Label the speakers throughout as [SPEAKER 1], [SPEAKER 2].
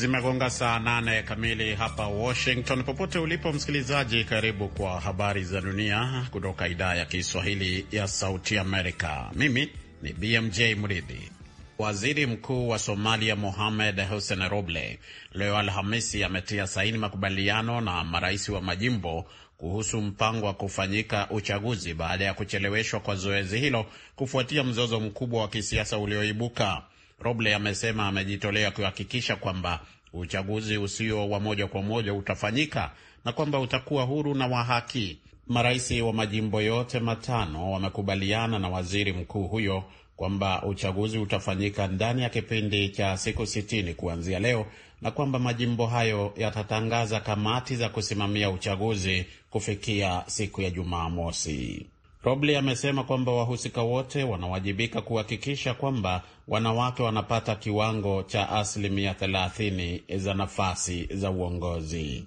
[SPEAKER 1] Zimegonga saa nane kamili hapa Washington. Popote ulipo msikilizaji, karibu kwa habari za dunia kutoka idhaa ya Kiswahili ya Sauti Amerika. Mimi ni BMJ Mridhi. Waziri Mkuu wa Somalia Mohamed Hussein Roble leo Alhamisi ametia saini makubaliano na marais wa majimbo kuhusu mpango wa kufanyika uchaguzi baada ya kucheleweshwa kwa zoezi hilo kufuatia mzozo mkubwa wa kisiasa ulioibuka. Roble amesema amejitolea kuhakikisha kwamba uchaguzi usio wa moja kwa moja utafanyika na kwamba utakuwa huru na wa haki. Marais wa majimbo yote matano wamekubaliana na waziri mkuu huyo kwamba uchaguzi utafanyika ndani ya kipindi cha siku sitini kuanzia leo na kwamba majimbo hayo yatatangaza kamati za kusimamia uchaguzi kufikia siku ya Jumamosi. Robley amesema kwamba wahusika wote wanawajibika kuhakikisha kwamba wanawake wanapata kiwango cha asilimia 30 za nafasi za uongozi.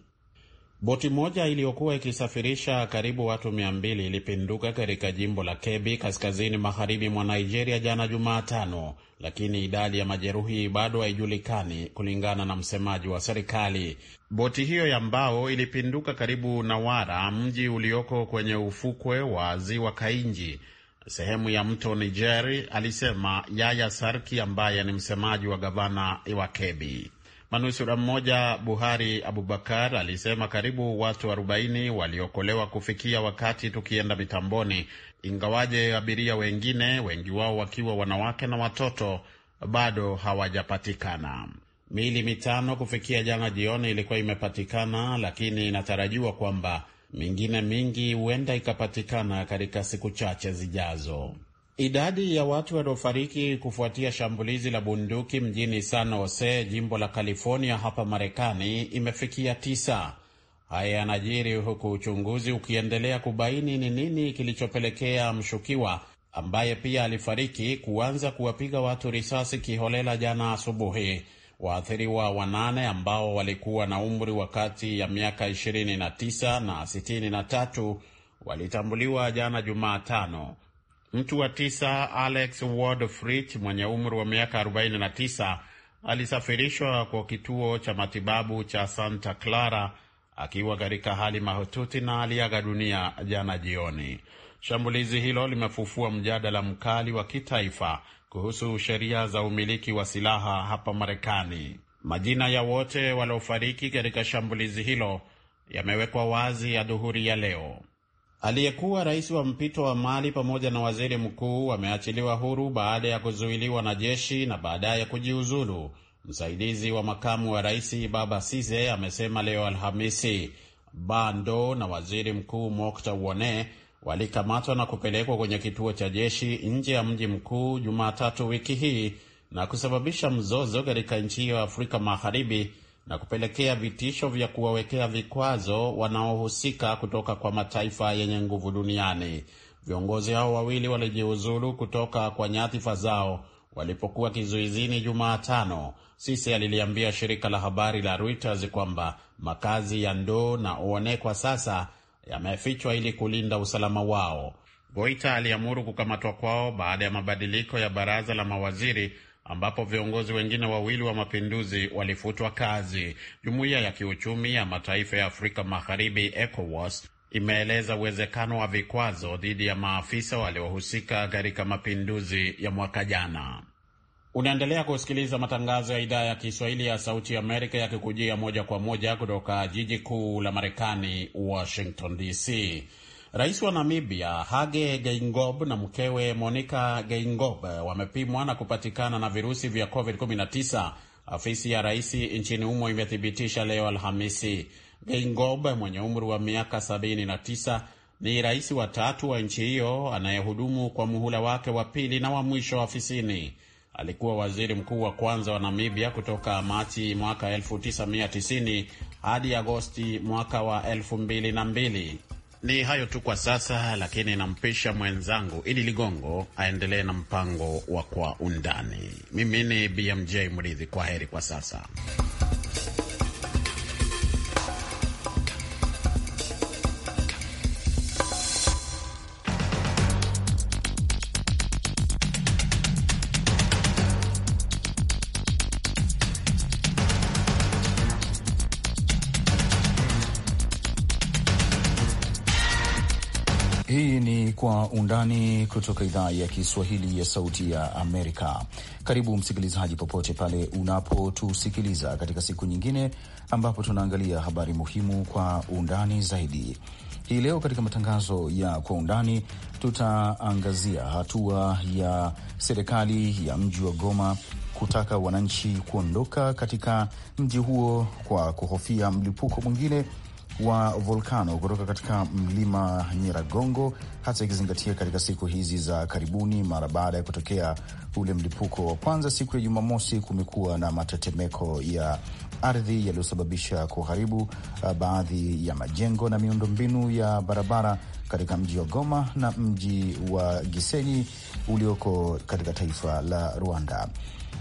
[SPEAKER 1] Boti moja iliyokuwa ikisafirisha karibu watu mia mbili ilipinduka katika jimbo la kebi kaskazini magharibi mwa Nigeria jana Jumatano, lakini idadi ya majeruhi bado haijulikani kulingana na msemaji wa serikali. Boti hiyo ya mbao ilipinduka karibu na wara mji ulioko kwenye ufukwe wa ziwa Kainji, sehemu ya mto Niger, alisema Yaya Sarki ambaye ni msemaji wa gavana wa kebi Manusura mmoja Buhari Abubakar alisema karibu watu 40 waliokolewa kufikia wakati tukienda mitamboni, ingawaje abiria wengine, wengi wao wakiwa wanawake na watoto, bado hawajapatikana. Miili mitano kufikia jana jioni ilikuwa imepatikana, lakini inatarajiwa kwamba mingine mingi huenda ikapatikana katika siku chache zijazo. Idadi ya watu waliofariki kufuatia shambulizi la bunduki mjini San Jose, jimbo la California hapa Marekani, imefikia tisa. Haya yanajiri huku uchunguzi ukiendelea kubaini ni nini kilichopelekea mshukiwa ambaye pia alifariki kuanza kuwapiga watu risasi kiholela jana asubuhi. Waathiriwa wanane ambao walikuwa na umri wa kati ya miaka 29 na 63 walitambuliwa jana Jumatano Mtu wa tisa Alex Ward Fritsch mwenye umri wa miaka 49 alisafirishwa kwa kituo cha matibabu cha Santa Clara akiwa katika hali mahututi na aliaga dunia jana jioni. Shambulizi hilo limefufua mjadala mkali wa kitaifa kuhusu sheria za umiliki wa silaha hapa Marekani. Majina ya wote waliofariki katika shambulizi hilo yamewekwa wazi ya dhuhuri ya leo. Aliyekuwa rais wa mpito wa Mali pamoja na waziri mkuu wameachiliwa huru baada ya kuzuiliwa na jeshi na baadaye kujiuzulu. Msaidizi wa makamu wa rais Baba Size amesema leo Alhamisi. Bando na waziri mkuu Mokta Wone walikamatwa na kupelekwa kwenye kituo cha jeshi nje ya mji mkuu Jumatatu wiki hii na kusababisha mzozo katika nchi hiyo ya Afrika Magharibi na kupelekea vitisho vya kuwawekea vikwazo wanaohusika kutoka kwa mataifa yenye nguvu duniani. Viongozi hao wawili walijiuzulu kutoka kwa nyadhifa zao walipokuwa kizuizini Jumatano. Sisi aliliambia shirika la habari la Reuters kwamba makazi ya Ndoo na Uone kwa sasa yamefichwa ili kulinda usalama wao. Goita aliamuru kukamatwa kwao baada ya mabadiliko ya baraza la mawaziri ambapo viongozi wengine wawili wa mapinduzi walifutwa kazi. Jumuiya ya Kiuchumi ya Mataifa ya Afrika Magharibi, ECOWAS, imeeleza uwezekano wa vikwazo dhidi ya maafisa waliohusika katika mapinduzi ya mwaka jana. Unaendelea kusikiliza matangazo ya idhaa ya Kiswahili ya Sauti Amerika yakikujia moja kwa moja kutoka jiji kuu la Marekani, Washington DC. Rais wa Namibia Hage Geingob na mkewe Monica Geingob eh, wamepimwa na kupatikana na virusi vya COVID-19, afisi ya rais nchini humo imethibitisha leo Alhamisi. Geingob mwenye umri wa miaka 79 ni rais wa tatu wa nchi hiyo anayehudumu kwa muhula wake wa pili na wa mwisho afisini. Alikuwa waziri mkuu wa kwanza wa Namibia kutoka Machi mwaka 1990 hadi Agosti mwaka wa 2002. Ni hayo tu kwa sasa, lakini nampisha mwenzangu Idi Ligongo aendelee na mpango wa Kwa Undani. Mimi ni BMJ Mridhi, kwa heri kwa sasa.
[SPEAKER 2] kwa undani kutoka idhaa ya Kiswahili ya Sauti ya Amerika. Karibu msikilizaji, popote pale unapotusikiliza katika siku nyingine ambapo tunaangalia habari muhimu kwa undani zaidi. Hii leo katika matangazo ya kwa undani tutaangazia hatua ya serikali ya mji wa Goma kutaka wananchi kuondoka katika mji huo kwa kuhofia mlipuko mwingine wa volkano kutoka katika mlima Nyiragongo, hasa ikizingatia katika siku hizi za karibuni, mara baada ya kutokea ule mlipuko wa kwanza siku ya Jumamosi, kumekuwa na matetemeko ya ardhi yaliyosababisha kuharibu uh, baadhi ya majengo na miundombinu ya barabara katika mji wa Goma na mji wa Gisenyi ulioko katika taifa la Rwanda.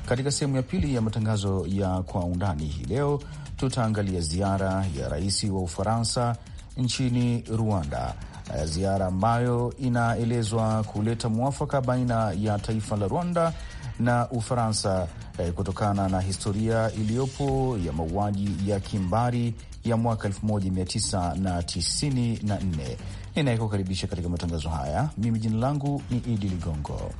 [SPEAKER 2] Katika sehemu ya pili ya matangazo ya kwa undani hii leo tutaangalia ziara ya rais wa Ufaransa nchini Rwanda, eh, ziara ambayo inaelezwa kuleta mwafaka baina ya taifa la Rwanda na Ufaransa eh, kutokana na historia iliyopo ya mauaji ya kimbari ya mwaka 1994. Ninayekukaribisha katika matangazo haya mimi, jina langu ni Idi Ligongo.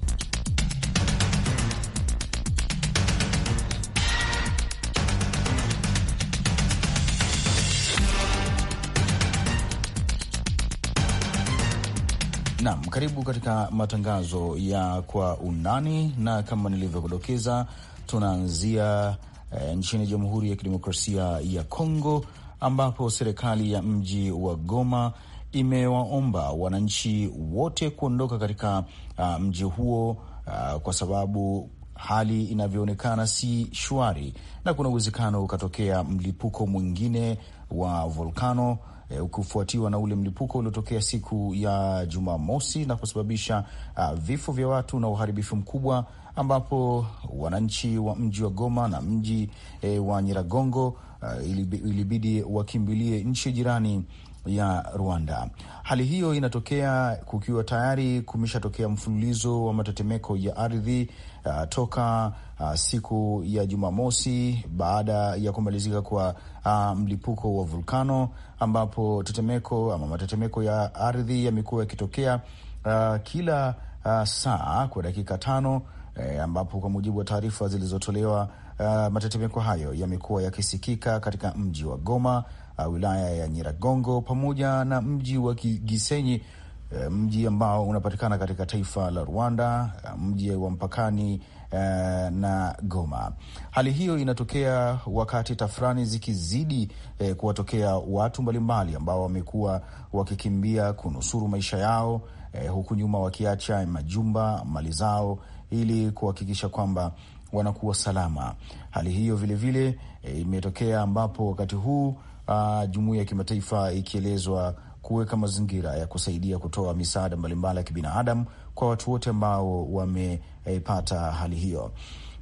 [SPEAKER 2] Naam, karibu katika matangazo ya kwa undani, na kama nilivyokudokeza, tunaanzia eh, nchini Jamhuri ya Kidemokrasia ya Kongo ambapo serikali ya mji wa Goma imewaomba wananchi wote kuondoka katika uh, mji huo uh, kwa sababu hali inavyoonekana si shwari na kuna uwezekano ukatokea mlipuko mwingine wa volkano Eh, ukifuatiwa na ule mlipuko uliotokea siku ya Jumamosi na kusababisha uh, vifo vya watu na uharibifu mkubwa ambapo wananchi wa mji wa Goma na mji eh, wa Nyiragongo uh, ilibidi wakimbilie nchi jirani ya Rwanda. Hali hiyo inatokea kukiwa tayari kumeshatokea mfululizo wa matetemeko ya ardhi uh, toka uh, siku ya Jumamosi baada ya kumalizika kwa uh, mlipuko wa vulkano, ambapo tetemeko ama matetemeko ya ardhi yamekuwa yakitokea uh, kila uh, saa kwa dakika tano E, ambapo kwa mujibu wa taarifa zilizotolewa uh, matetemeko hayo yamekuwa yakisikika katika mji wa Goma, uh, wilaya ya Nyiragongo pamoja na mji wa Gisenyi, uh, mji ambao unapatikana katika taifa la Rwanda, uh, mji wa mpakani uh, na Goma. Hali hiyo inatokea wakati tafrani zikizidi uh, kuwatokea watu mbalimbali ambao wamekuwa wakikimbia kunusuru maisha yao uh, huku nyuma wakiacha majumba, mali zao ili kuhakikisha kwamba wanakuwa salama. Hali hiyo vilevile imetokea e, imetokea ambapo wakati huu jumuiya ya kimataifa ikielezwa kuweka mazingira ya kusaidia kutoa misaada mbalimbali ya kibinadamu kwa watu wote ambao wamepata e, hali hiyo.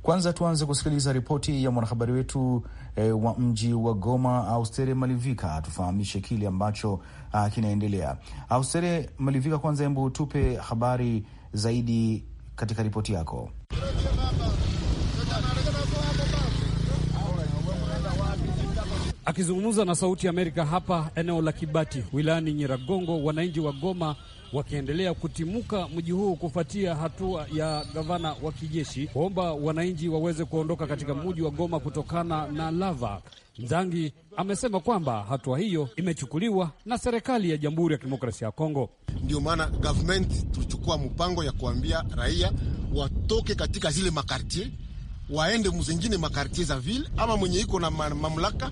[SPEAKER 2] Kwanza tuanze kusikiliza ripoti ya mwanahabari wetu e, wa mji wa Goma, Austere Malivika atufahamishe kile ambacho a, kinaendelea. Austere Malivika, kwanza, hebu tupe habari zaidi katika ripoti yako.
[SPEAKER 3] Akizungumza na Sauti ya Amerika hapa eneo la Kibati wilayani Nyiragongo, wananchi wa Goma wakiendelea kutimuka mji huu kufuatia hatua ya gavana wa kijeshi kuomba wananchi waweze kuondoka katika mji wa Goma kutokana na lava. Nzangi amesema kwamba hatua hiyo imechukuliwa na serikali ya Jamhuri ya Kidemokrasia ya Kongo. Ndio maana government tulichukua
[SPEAKER 1] mpango ya kuambia raia watoke katika zile makartie waende mzengine makartie za vile, ama mwenye iko na mamlaka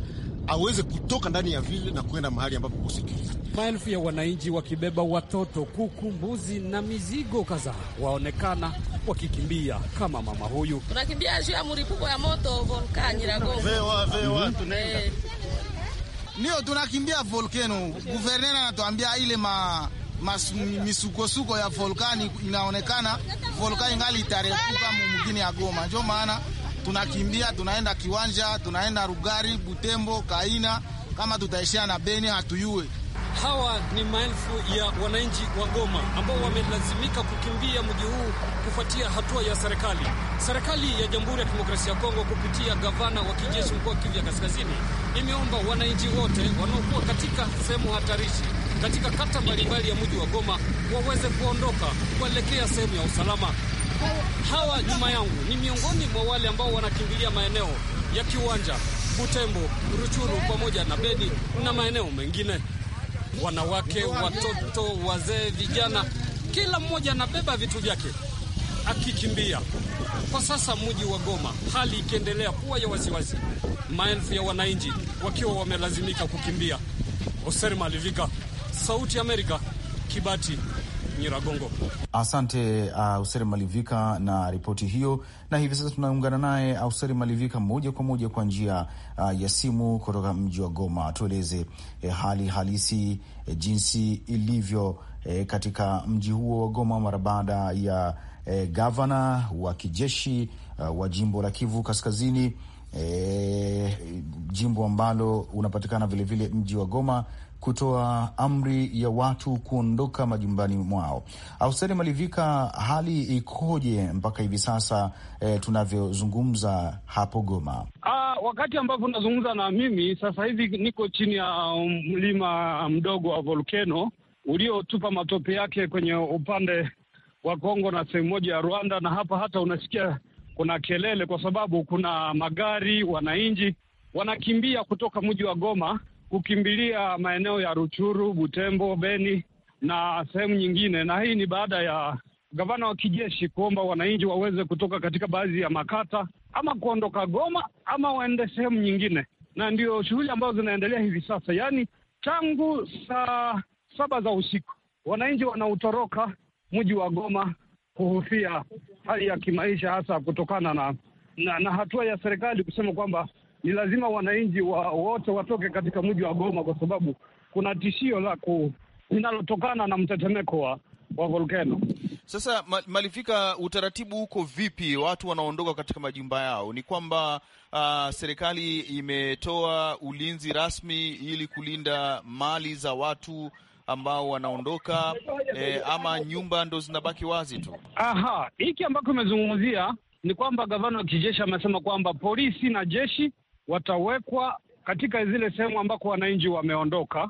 [SPEAKER 1] aweze kutoka ndani ya vile na kwenda mahali ambapo kusikiliza.
[SPEAKER 3] Maelfu ya wananchi wakibeba watoto, kuku, mbuzi na mizigo kadhaa waonekana wakikimbia kama mama huyu.
[SPEAKER 2] Tunakimbia juu ya mlipuko ya moto volkano Nyiragongo. Vewa, vewa, mhm. tunaenda. Eh. Ndio tunakimbia volkano. guverner anatuambia ile ma misukosuko ya volkani inaonekana volkani ngali itarefuka mumgini ya Goma. Ndio maana tunakimbia tunaenda Kiwanja, tunaenda Rugari, Butembo, Kaina, kama tutaishia na Beni hatuyue.
[SPEAKER 3] Hawa ni maelfu ya wananchi wa Goma ambao wamelazimika kukimbia mji huu kufuatia hatua ya serikali. Serikali ya Jamhuri ya Kidemokrasia ya Kongo kupitia gavana wa kijeshi mkoa wa Kivu ya Kaskazini imeomba wananchi wote wanaokuwa katika sehemu hatarishi katika kata mbalimbali ya mji wa Goma waweze kuondoka kuelekea sehemu ya usalama hawa nyuma yangu ni miongoni mwa wale ambao wanakimbilia maeneo ya Kiwanja, Butembo, Ruchuru pamoja na Beni na maeneo mengine. Wanawake, watoto, wazee, vijana, kila mmoja anabeba vitu vyake akikimbia. Kwa sasa mji wa Goma, hali ikiendelea kuwa ya wasiwasi, maelfu ya wananchi wakiwa wamelazimika kukimbia. hoser Malivika, Sauti ya Amerika, Kibati. Nyiragongo.
[SPEAKER 2] Asante uh, Useri Malivika na ripoti hiyo, na hivi sasa tunaungana naye uh, Useri Malivika moja kwa moja kwa njia uh, ya simu kutoka mji wa Goma. Tueleze eh, hali halisi eh, jinsi ilivyo eh, katika mji huo wa Goma mara baada ya eh, gavana wa kijeshi uh, wa jimbo la Kivu Kaskazini, eh, jimbo ambalo unapatikana vilevile mji wa Goma kutoa amri ya watu kuondoka majumbani mwao. Austeri Malivika, hali ikoje mpaka hivi sasa eh, tunavyozungumza hapo Goma?
[SPEAKER 4] Ah, wakati ambapo unazungumza na mimi sasa hivi niko chini ya um, mlima mdogo wa volkeno uliotupa matope yake kwenye upande wa Kongo na sehemu moja ya Rwanda, na hapa hata unasikia kuna kelele kwa sababu kuna magari, wananchi wanakimbia kutoka mji wa Goma kukimbilia maeneo ya Ruchuru, Butembo, Beni na sehemu nyingine, na hii ni baada ya gavana wa kijeshi kuomba wananchi waweze kutoka katika baadhi ya makata ama kuondoka Goma ama waende sehemu nyingine, na ndio shughuli ambazo zinaendelea hivi sasa, yaani tangu saa saba za usiku wananchi wanautoroka mji wa Goma kuhufia hali ya kimaisha, hasa kutokana na, na, na hatua ya serikali kusema kwamba ni lazima wananchi wa, wote watoke katika mji wa Goma kwa sababu kuna tishio la ku linalotokana na mtetemeko wa, wa volkeno.
[SPEAKER 2] Sasa malifika, utaratibu huko vipi? Watu wanaondoka katika majumba yao, ni kwamba uh, serikali imetoa ulinzi rasmi ili kulinda mali za watu ambao wanaondoka eh, ama nyumba ndo zinabaki wazi tu. Aha, hiki ambacho umezungumzia ni kwamba gavana wa kijeshi amesema kwamba
[SPEAKER 4] polisi na jeshi watawekwa katika zile sehemu ambako wananchi wameondoka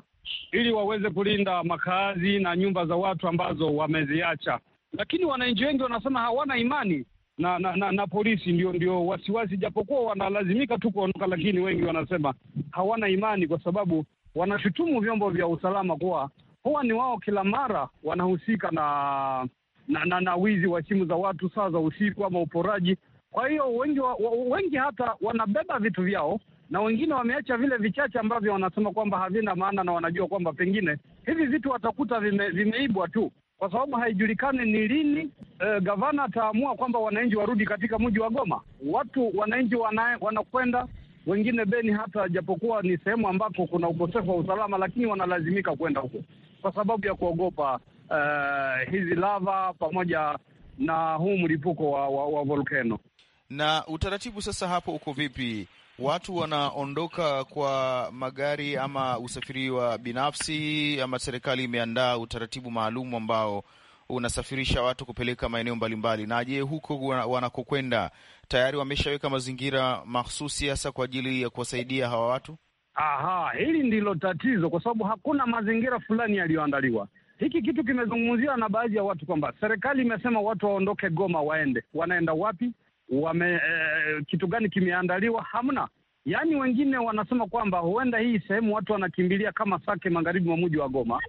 [SPEAKER 4] ili waweze kulinda makazi na nyumba za watu ambazo wameziacha, lakini wananchi wengi wanasema hawana imani na na, na, na polisi. Ndio ndio wasiwasi, japokuwa wanalazimika tu kuondoka, lakini wengi wanasema hawana imani kwa sababu wanashutumu vyombo vya usalama kuwa huwa ni wao kila mara wanahusika na na, na na wizi wa simu za watu saa za usiku ama uporaji. Kwa hiyo wengi, wa, wengi hata wanabeba vitu vyao na wengine wameacha vile vichache ambavyo wanasema kwamba havina maana, na wanajua kwamba pengine hivi vitu watakuta vime, vimeibwa tu, kwa sababu haijulikani ni lini eh, gavana ataamua kwamba wananchi warudi katika mji wa Goma. Watu wananchi wanakwenda wengine Beni, hata japokuwa ni sehemu ambako kuna ukosefu wa usalama, lakini wanalazimika kwenda huko kwa sababu ya kuogopa eh, hizi lava pamoja
[SPEAKER 2] na huu mlipuko wa, wa, wa volkeno. Na utaratibu sasa hapo uko vipi? Watu wanaondoka kwa magari ama usafiri wa binafsi, ama serikali imeandaa utaratibu maalum ambao unasafirisha watu kupeleka maeneo mbalimbali? Na je, huko wanakokwenda tayari wameshaweka mazingira mahsusi hasa kwa ajili ya kuwasaidia hawa watu?
[SPEAKER 4] Aha, hili ndilo tatizo, kwa sababu hakuna mazingira fulani yaliyoandaliwa. Hiki kitu kimezungumziwa na baadhi ya watu kwamba serikali imesema watu waondoke Goma waende, wanaenda wapi? wame eh, kitu gani kimeandaliwa? Hamna. Yaani wengine wanasema kwamba huenda hii sehemu watu wanakimbilia kama Sake, magharibi mwa mji wa Goma,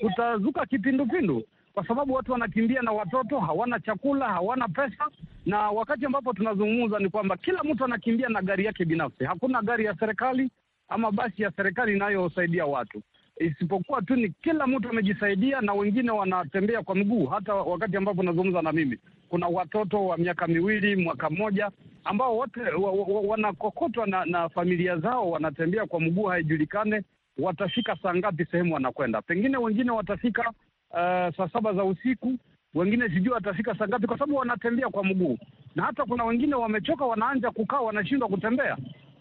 [SPEAKER 4] kutazuka kipindupindu kwa sababu watu wanakimbia na watoto hawana chakula, hawana pesa. Na wakati ambapo tunazungumza ni kwamba kila mtu anakimbia na gari yake binafsi, hakuna gari ya serikali ama basi ya serikali inayosaidia watu, isipokuwa tu ni kila mtu amejisaidia, na wengine wanatembea kwa mguu. Hata wakati ambapo unazungumza na mimi kuna watoto wa miaka miwili, mwaka mmoja ambao wote wanakokotwa na, na familia zao, wanatembea kwa mguu, haijulikane watafika saa ngapi sehemu wanakwenda. Pengine wengine watafika uh, saa saba za usiku, wengine sijui watafika saa ngapi, kwa sababu wanatembea kwa mguu, na hata kuna wengine wamechoka, wanaanza kukaa, wanashindwa kutembea,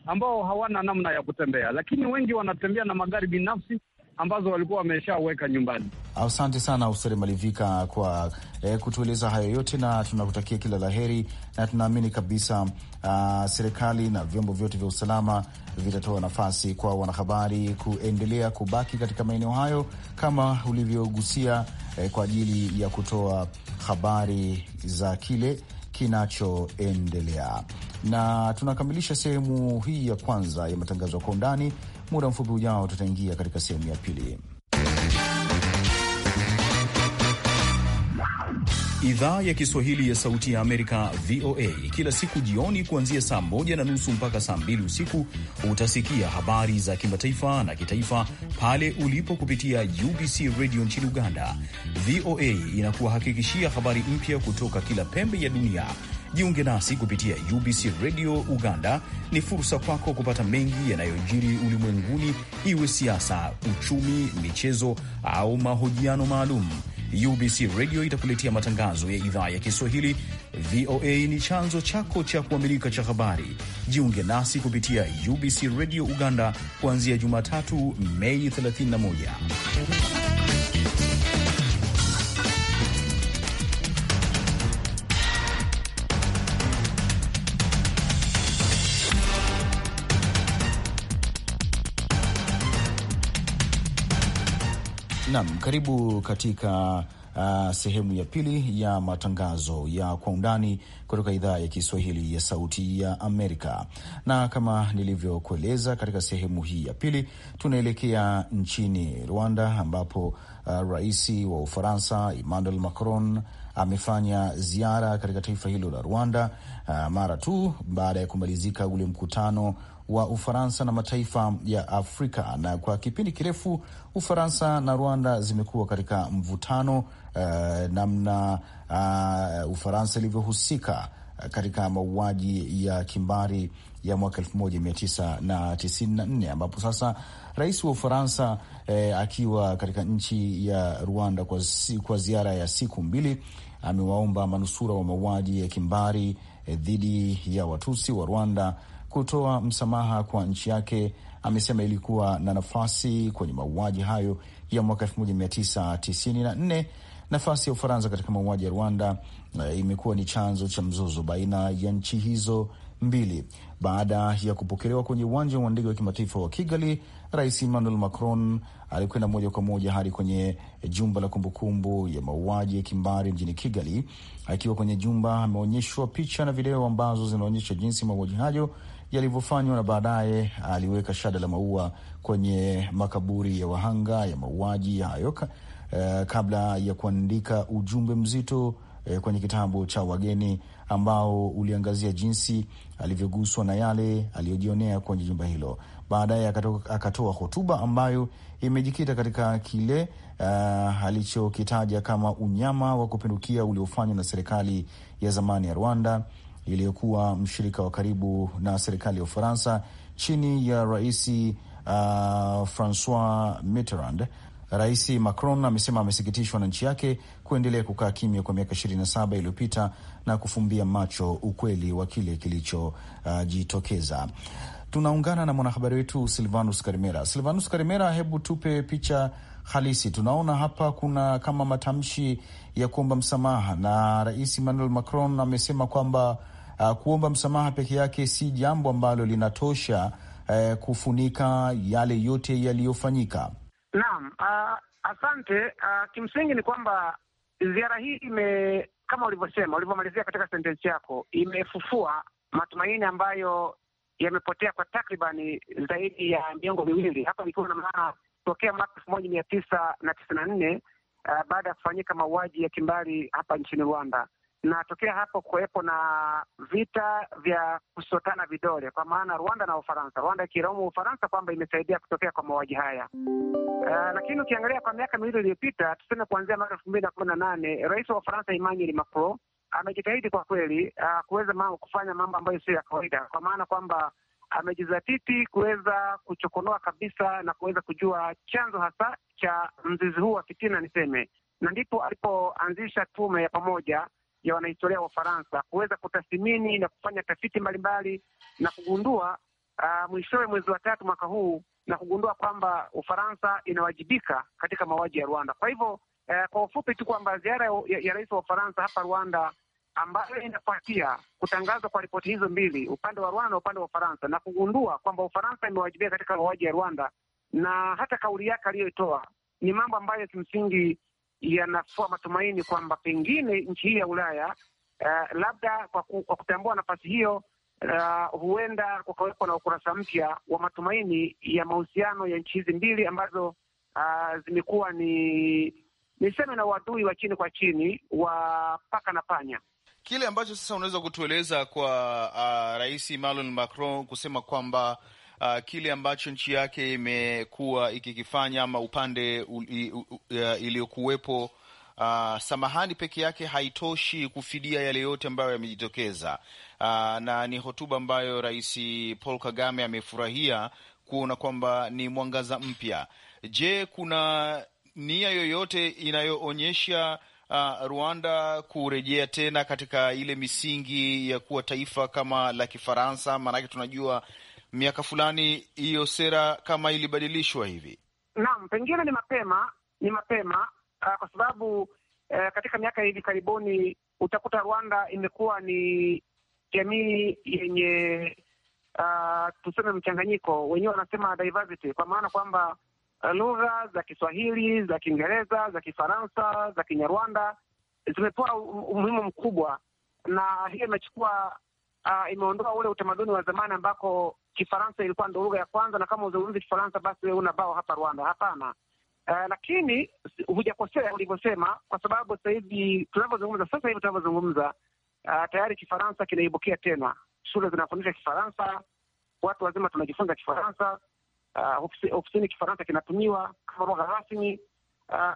[SPEAKER 4] ambao hawana namna ya kutembea, lakini wengi wanatembea na magari binafsi ambazo walikuwa wameshaweka nyumbani.
[SPEAKER 2] Asante sana Usere Malivika kwa eh, kutueleza hayo yote, na tunakutakia kila la heri, na tunaamini kabisa uh, serikali na vyombo vyote vya usalama vitatoa nafasi kwa wanahabari kuendelea kubaki katika maeneo hayo kama ulivyogusia, eh, kwa ajili ya kutoa habari za kile kinachoendelea. Na tunakamilisha sehemu hii ya kwanza ya matangazo ya kwa undani. Muda mfupi ujao, tutaingia katika sehemu ya pili. Idhaa ya Kiswahili ya Sauti ya Amerika, VOA, kila siku jioni kuanzia saa moja na nusu mpaka saa mbili usiku utasikia habari za kimataifa na kitaifa pale ulipo kupitia UBC Radio nchini Uganda. VOA inakuwahakikishia habari mpya kutoka kila pembe ya dunia Jiunge nasi kupitia UBC Radio Uganda. Ni fursa kwako kupata mengi yanayojiri ulimwenguni, iwe siasa, uchumi, michezo au mahojiano maalum. UBC Radio itakuletea matangazo ya idhaa ya Kiswahili. VOA ni chanzo chako cha kuamilika cha habari. Jiunge nasi kupitia UBC Radio Uganda kuanzia Jumatatu, Mei 31. Nam, karibu katika uh, sehemu ya pili ya matangazo ya kwa undani kutoka idhaa ya Kiswahili ya Sauti ya Amerika. Na kama nilivyokueleza katika sehemu hii ya pili, tunaelekea nchini Rwanda ambapo uh, rais wa Ufaransa Emmanuel Macron amefanya ziara katika taifa hilo la Rwanda uh, mara tu baada ya kumalizika ule mkutano wa Ufaransa na mataifa ya Afrika. Na kwa kipindi kirefu Ufaransa na Rwanda zimekuwa katika mvutano uh, namna uh, Ufaransa ilivyohusika katika mauaji ya kimbari ya mwaka 1994 ambapo sasa rais wa Ufaransa eh, akiwa katika nchi ya Rwanda kwa, kwa ziara ya siku mbili amewaomba manusura wa mauaji ya kimbari eh, dhidi ya Watusi wa Rwanda kutoa msamaha kwa nchi yake. Amesema ilikuwa na nafasi kwenye mauaji hayo ya mwaka 1994 nafasi ya Ufaransa katika mauaji ya Rwanda uh, imekuwa ni chanzo cha mzozo baina ya nchi hizo mbili. Baada ya kupokelewa kwenye uwanja wa ndege wa kimataifa wa Kigali, Rais Emmanuel Macron alikwenda moja kwa moja hadi kwenye jumba la kumbukumbu ya mauaji ya kimbari mjini Kigali. Akiwa kwenye jumba, ameonyeshwa picha na video ambazo zinaonyesha jinsi mauaji hayo yalivyofanywa, na baadaye aliweka shada la maua kwenye makaburi ya wahanga ya mauaji hayo, uh, kabla ya kuandika ujumbe mzito e, kwenye kitabu cha wageni ambao uliangazia jinsi alivyoguswa na yale aliyojionea kwenye jumba hilo. Baadaye akatoa hotuba ambayo imejikita katika kile uh, alichokitaja kama unyama wa kupindukia uliofanywa na serikali ya zamani ya Rwanda iliyokuwa mshirika wa karibu na serikali ya Ufaransa chini ya rais uh, Francois Mitterrand Rais Macron amesema amesikitishwa na nchi yake kuendelea kukaa kimya kwa miaka 27 iliyopita na kufumbia macho ukweli wa kile kilichojitokeza. Uh, tunaungana na mwanahabari wetu Silvanus Karimera. Silvanus Karimera, hebu tupe picha halisi. Tunaona hapa kuna kama matamshi ya kuomba msamaha, na Rais Emmanuel Macron amesema kwamba uh, kuomba msamaha peke yake si jambo ambalo linatosha uh, kufunika yale yote yaliyofanyika.
[SPEAKER 5] Naam, uh, asante. Uh, kimsingi ni kwamba ziara hii ime kama ulivyosema ulivyomalizia katika sentensi yako, imefufua matumaini ambayo yamepotea kwa takribani zaidi ya miongo miwili, hapa ikiwa na maana tokea mwaka elfu moja mia tisa na tisini na nne uh, baada ya kufanyika mauaji ya kimbari hapa nchini Rwanda na tokea hapo kuwepo na vita vya kusotana vidole, kwa maana Rwanda na Ufaransa, Rwanda ikilaumu Ufaransa kwamba imesaidia kutokea kwa mauaji haya. Uh, lakini ukiangalia kwa miaka miwili iliyopita, tuseme kuanzia mwaka elfu mbili na kumi na nane rais wa Ufaransa Emmanuel Macron amejitahidi kwa kweli uh, kuweza mambo, kufanya mambo ambayo sio ya kawaida, kwa maana kwamba amejizatiti kuweza kuchokonoa kabisa na kuweza kujua chanzo hasa cha mzizi huu wa fitina niseme, na ndipo alipoanzisha tume ya pamoja ya wanahistoria wa Ufaransa kuweza kutathimini na kufanya tafiti mbalimbali na kugundua uh, mwishowe mwezi wa tatu mwaka huu na kugundua kwamba Ufaransa inawajibika katika mauaji ya Rwanda. Kwa hivyo uh, kwa ufupi tu kwamba ziara ya, ya rais wa Ufaransa hapa Rwanda ambayo inafuatia kutangazwa kwa ripoti hizo mbili, upande wa Rwanda, upande wa Ufaransa, na kugundua kwamba Ufaransa imewajibika katika mauaji ya Rwanda, na hata kauli yake aliyoitoa ni mambo ambayo kimsingi yanafua matumaini kwamba pengine nchi hii ya Ulaya uh, labda kwa, ku, kwa kutambua nafasi hiyo uh, huenda kukawepo na ukurasa mpya wa matumaini ya mahusiano ya nchi hizi mbili ambazo uh, zimekuwa ni niseme na uadui wa chini kwa chini wa paka na panya.
[SPEAKER 2] Kile ambacho sasa unaweza kutueleza kwa uh, Rais Emmanuel Macron kusema kwamba uh, kile ambacho nchi yake imekuwa ikikifanya ama upande iliyokuwepo Uh, samahani peke yake haitoshi kufidia yale yote ambayo yamejitokeza. Uh, na ni hotuba ambayo Rais Paul Kagame amefurahia kuona kwamba ni mwangaza mpya. Je, kuna nia yoyote inayoonyesha uh, Rwanda kurejea tena katika ile misingi ya kuwa taifa kama la Kifaransa? Maanake tunajua miaka fulani hiyo sera kama ilibadilishwa hivi?
[SPEAKER 5] Naam, pengine ni mapema, ni mapema uh, kwa sababu uh, katika miaka hivi karibuni utakuta Rwanda imekuwa ni jamii yenye uh, tuseme mchanganyiko, wenyewe wanasema diversity, kwa maana kwamba ah, lugha za Kiswahili, za Kiingereza, za Kifaransa, za Kinyarwanda zimepewa umuhimu mkubwa, na hiyo imechukua uh, imeondoa ule utamaduni wa zamani ambako Kifaransa ilikuwa ndo lugha ya kwanza, na kama uzungumzi Kifaransa basi wewe una bao hapa Rwanda. Hapana. Uh, lakini hujakosea ulivyosema, kwa sababu sasa hivi tunavyozungumza, sasa hivi tunavyozungumza, uh, tayari Kifaransa kinaibukia tena, shule zinafundisha Kifaransa, watu wazima tunajifunza Kifaransa, uh, ofisini Kifaransa kinatumiwa kama lugha rasmi. Uh,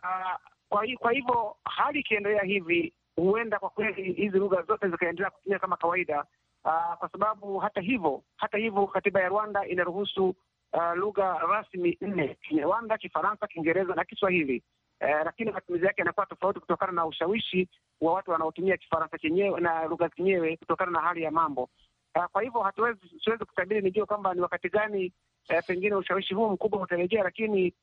[SPEAKER 5] kwa, kwa hivyo hali ikiendelea hivi, huenda kwa kweli hizi lugha zote zikaendelea kutumia kama kawaida uh, kwa sababu hata hivyo hata hivyo katiba ya Rwanda inaruhusu uh, lugha rasmi nne: Kinyarwanda, Kifaransa, Kiingereza na Kiswahili. Uh, lakini matumizi yake yanakuwa tofauti kutokana na ushawishi wa watu wanaotumia Kifaransa chenyewe na lugha zenyewe kutokana na hali ya mambo. Uh, kwa hivyo hatuwezi, siwezi kutabiri nijue kwamba ni wakati gani uh, pengine ushawishi huu mkubwa utarejea, lakini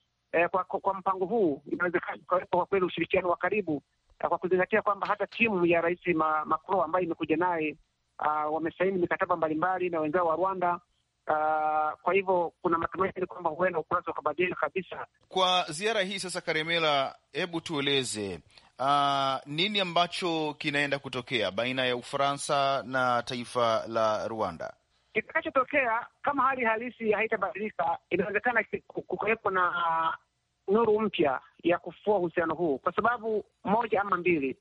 [SPEAKER 5] uh, kwa, kwa mpango huu inawezekana kwa kweli ushirikiano wa karibu uh, kwa kuzingatia kwamba hata timu ya Rais Macron ambayo imekuja naye uh, wamesaini mikataba mbalimbali na wenzao wa Rwanda. Uh, kwa hivyo kuna matumaini kwamba huenda ukurasa ukabadili kabisa
[SPEAKER 2] kwa ziara hii. Sasa Karemela, hebu tueleze uh, nini ambacho kinaenda kutokea baina ya Ufaransa na taifa la Rwanda?
[SPEAKER 5] Kitakachotokea kama hali halisi haitabadilika, inawezekana kukawepo na nuru mpya ya kufua uhusiano huu, kwa sababu moja ama mbili.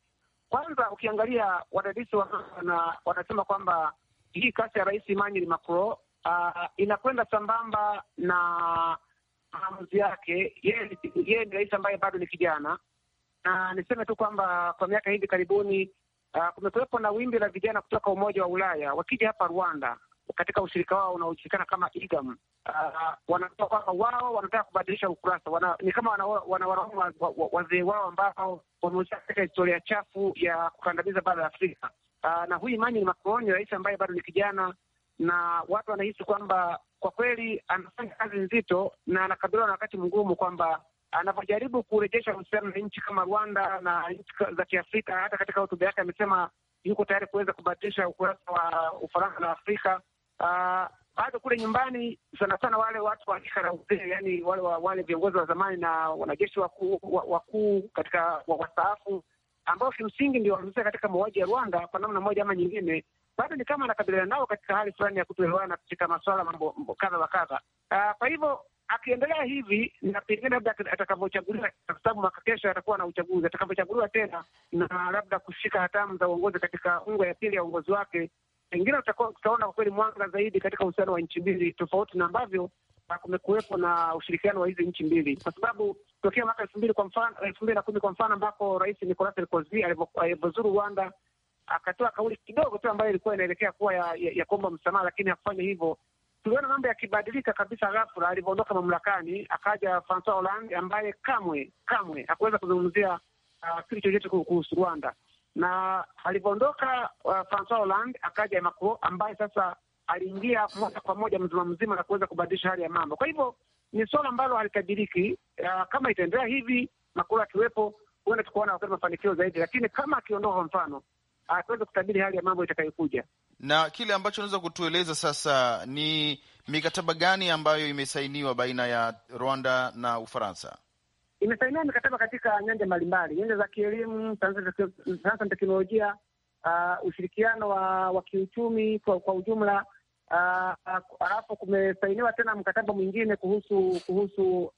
[SPEAKER 5] Kwanza ukiangalia wadadisi wana, wanasema kwamba hii kasi ya Rais Emmanuel Macron uh, inakwenda sambamba na maamuzi yake. Yeye ni rais ambaye bado ni kijana, na niseme tu kwamba kwa miaka hivi karibuni uh, kumekuwepo na wimbi la vijana kutoka Umoja wa Ulaya wakija hapa Rwanda katika ushirika wao unaojulikana kama IGAM. Uh, wanasema kwamba wao wanataka kubadilisha ukurasa wana, ni kama wanawarauma wazee wa, wa, wa wao ambao wamehusika katika historia chafu ya kukandamiza bara la Afrika. Uh, na huyu Emmanuel Macron ni rais ambaye bado ni kijana na watu wanahisi kwamba kwa kweli anafanya kazi nzito na anakabiliwa na wakati mgumu, kwamba anapojaribu kurejesha uhusiano na nchi kama Rwanda na nchi za Kiafrika. Hata katika hotuba yake amesema yuko tayari kuweza kubadilisha ukurasa wa Ufaransa na Afrika bado ah, kule nyumbani sana sana wale watu wa kisharauzee, yani wale wa, wale viongozi wa zamani na wanajeshi wakuu wakuu katika wastaafu ambao kimsingi ndio walihusika katika mauaji ya Rwanda kwa namna moja ama nyingine, bado ni kama anakabiliana nao katika hali fulani ya kutoelewana katika masuala mambo kadha wa kadha. Ah, kwa hivyo akiendelea hivi na pengine labda atakavyochaguliwa, kwa sababu mwaka kesho atakuwa na uchaguzi, atakavyochaguliwa tena na labda kushika hatamu za uongozi katika ungo ya pili ya uongozi wake, pengine tutaona kwa kweli mwanga zaidi katika uhusiano wa nchi mbili, tofauti na ambavyo ah, kumekuwepo na ushirikiano wa hizi nchi mbili, kwa sababu tokea mwaka elfu mbili kwa mfano, elfu mbili na kumi kwa mfano, ambapo Rais Nicolas Sarkozy alivyozuru Rwanda akatoa kauli kidogo tu ambayo ilikuwa inaelekea kuwa ya, ya, ya kuomba msamaha, lakini hakufanya hivyo. Tuliona mambo yakibadilika kabisa ghafla alivyoondoka mamlakani, akaja Francois Hollande ambaye kamwe kamwe hakuweza kuzungumzia uh, ah, kitu chochote kuhusu Rwanda na alivyoondoka uh, Francois Hollande akaja Macron ambaye sasa aliingia moja kwa moja mzima mzima na kuweza kubadilisha hali ya mambo. Kwa hivyo ni suala ambalo halitabiriki. Uh, kama itaendelea hivi Macron akiwepo, huenda tukaona wakati mafanikio zaidi, lakini kama akiondoka, kwa mfano, hatuwezi kutabiri hali ya mambo itakayokuja.
[SPEAKER 2] Na kile ambacho unaweza kutueleza sasa ni mikataba gani ambayo imesainiwa baina ya Rwanda na Ufaransa?
[SPEAKER 5] imesainia mikataba katika nyanja mbalimbali, nyanja za kielimu, sayansi na teknolojia, uh, ushirikiano wa, wa kiuchumi kwa, kwa ujumla. Halafu ah, ah, uh, kumesainiwa tena mkataba mwingine kuhusu kuhusu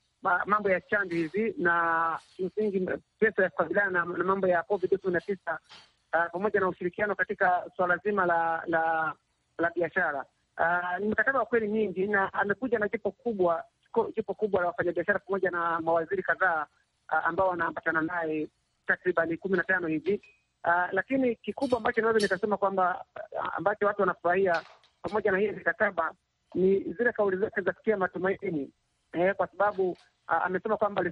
[SPEAKER 5] mambo ya chanjo hizi na kimsingi pesa ya kukabiliana na, na mambo ya Covid kumi na tisa uh, pamoja na ushirikiano katika suala zima la la la biashara. Ni mkataba wa kweli nyingi, na amekuja na jipo kubwa jopo kubwa la wafanyabiashara pamoja na mawaziri kadhaa ambao wanaambatana naye takribani kumi na tano hivi. Uh, lakini kikubwa ambacho naweza nikasema kwamba ambacho watu wanafurahia pamoja na hii mikataba ni zile kauli zake za kutia matumaini eh, kwa sababu uh, amesema kwamba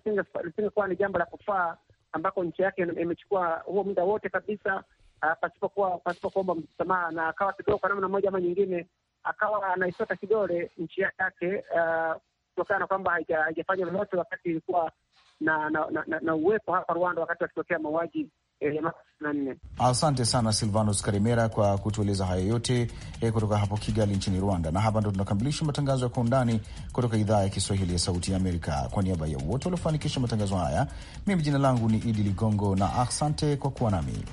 [SPEAKER 5] lisingekuwa ni jambo la kufaa ambako nchi yake imechukua huo muda wote kabisa uh, pasipokuwa pasipokuomba msamaha, na akawa kidogo kwa namna moja ama nyingine akawa anaisota kidole nchi yake uh, kutokana na kwamba haijafanya lolote wakati ilikuwa na na, na na uwepo hapa Rwanda wakati wakitokea mauaji eh, ya mwaka tisini na nne.
[SPEAKER 2] Asante sana Silvanus Karimera kwa kutueleza hayo yote eh, kutoka hapo Kigali nchini Rwanda. Na hapa ndo tunakamilisha matangazo ya Kwa Undani kutoka idhaa ya Kiswahili ya Sauti ya Amerika. Kwa niaba ya wote waliofanikisha matangazo haya, mimi jina langu ni Idi Ligongo na asante kwa kuwa nami.